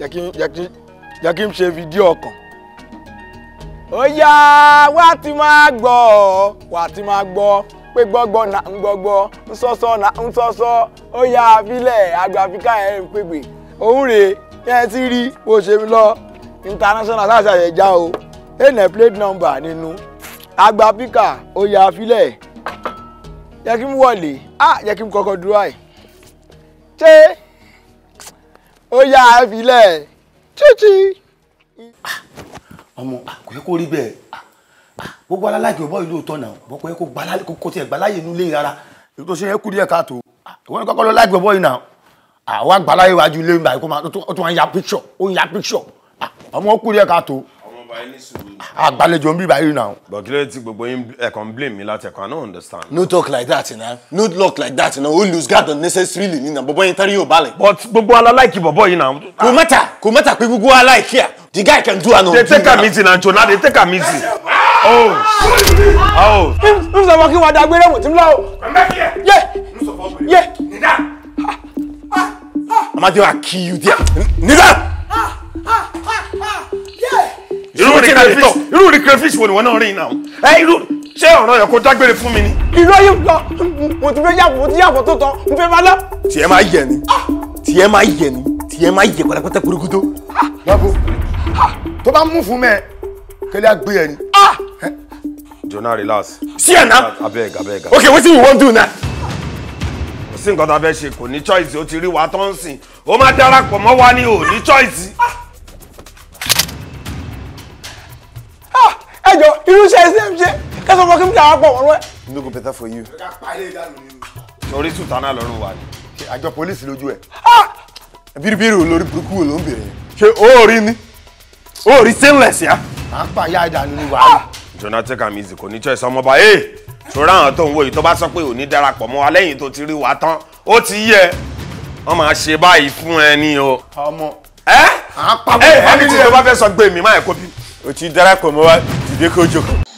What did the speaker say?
jẹ́ kí n ṣe fídíò ọkàn. ó yá wá ti máa gbọ́ wá máa gbọ́ pé gbọ́gbọ́ na ń gbọ́gbọ́ ń sọ́sọ́ na ń sọ́sọ́ ó yá abílẹ̀ àgbàfíkà ẹ̀ ń pègbè òun rèé yẹn ti rí bó ṣe lọ international láti àyẹ̀já o ẹnẹ plate number nínú àgbàfíkà ó yá abílẹ̀ jẹ́ kí n wọlé ah jẹ́ kí n kọ́kọ́ dúró ó yá àfilẹ̀ títí. ọmọ kò yẹ kó rí bẹ́ẹ̀ gbogbo alálàgbé ọbọ ìlú òótọ́ náà bọ́ kò yẹ kó tiẹ̀ gbàláyè nílé rárá èyí tó ṣe yẹ kú díẹ̀ káàtó ìwọ ni kọ́kọ́ lọ lágbè ọbọ yìí náà àwa gbàláyè wájú ilé ìgbà yìí kó máa ó tún wá ya píṣọ̀ ó ya píṣọ̀ ọmọ ó kú díẹ̀ káàtó àgbàlejò ń bí báyìí náà. but kí ló ti gbogbo yín ẹ̀kan blame mi láti ẹ̀kan i no understand. no talk like that na no talk like that na o lose guard unnecessarily ni na bọ̀bọ̀ yẹn tẹ́rí yóò balẹ̀. but gbogbo aláìkí bọ̀bọ̀ yìí náà. kò mẹ́ta kò mẹ́ta pé gbogbo aláìkí à the guy can do an they take am easy na ncho na they take am easy. oh oh. n sọ fún kí wọn dàgbére wò tí n lọ o. yé yé. amadi wa kill you there. nida. crayfish wo ni wọ́n náà rìn náà ẹ irú ṣé ọ̀rọ̀ yẹ kó dágbére fún mi ni. irọ́ yìí lọ mo ti fẹ́ yàgò mo ti yàgò tó tán mo fẹ́ máa lọ. tiẹ̀ máa yẹ ni tiẹ̀ máa yẹ ni tiẹ̀ máa yẹ pátápátá kúrúkútó. báwo tó bá mú fún mẹ kẹlẹ àgbé ẹ ni. Jonah relax. see ẹ na. abeg abeg. okay wetin you wan do now sí nǹkan tó a fẹ́ ṣe kò ní choice ó ti rí wa tó ń sìn ó má darapọ̀ mọ́ wa ní ò ní choice. Ah! ẹsẹ ẹ ṣe kẹsàn-án fún kíndà wà pọ̀ wọ́n wẹ́. no go better for you. sọrí sùtà náà lọ́rùn wa ni àjọ pólísì lójú ẹ̀. Ah! bírúbírú lórí burúkú wo ló ń bèrè ṣé òórí ni òórí stainless ya. à ń pa yáa dànù ni wàá. Ah! jonathan kamizi kò ní choice ọmọọba ee sora àwọn tó ń wo yìí tó bá sọ pé ò ní darapọ̀ mọ́ wa lẹ́yìn tó ti rí wa tán ó ti yẹ wọ́n máa ṣe báyìí fún ẹ ní o. ọmọ ẹ ẹ ẹni tí mo bá fẹ́ sọ gbé mi máa kó bí. o ti darapọ̀ mọ́ wa dìde kó jókòó.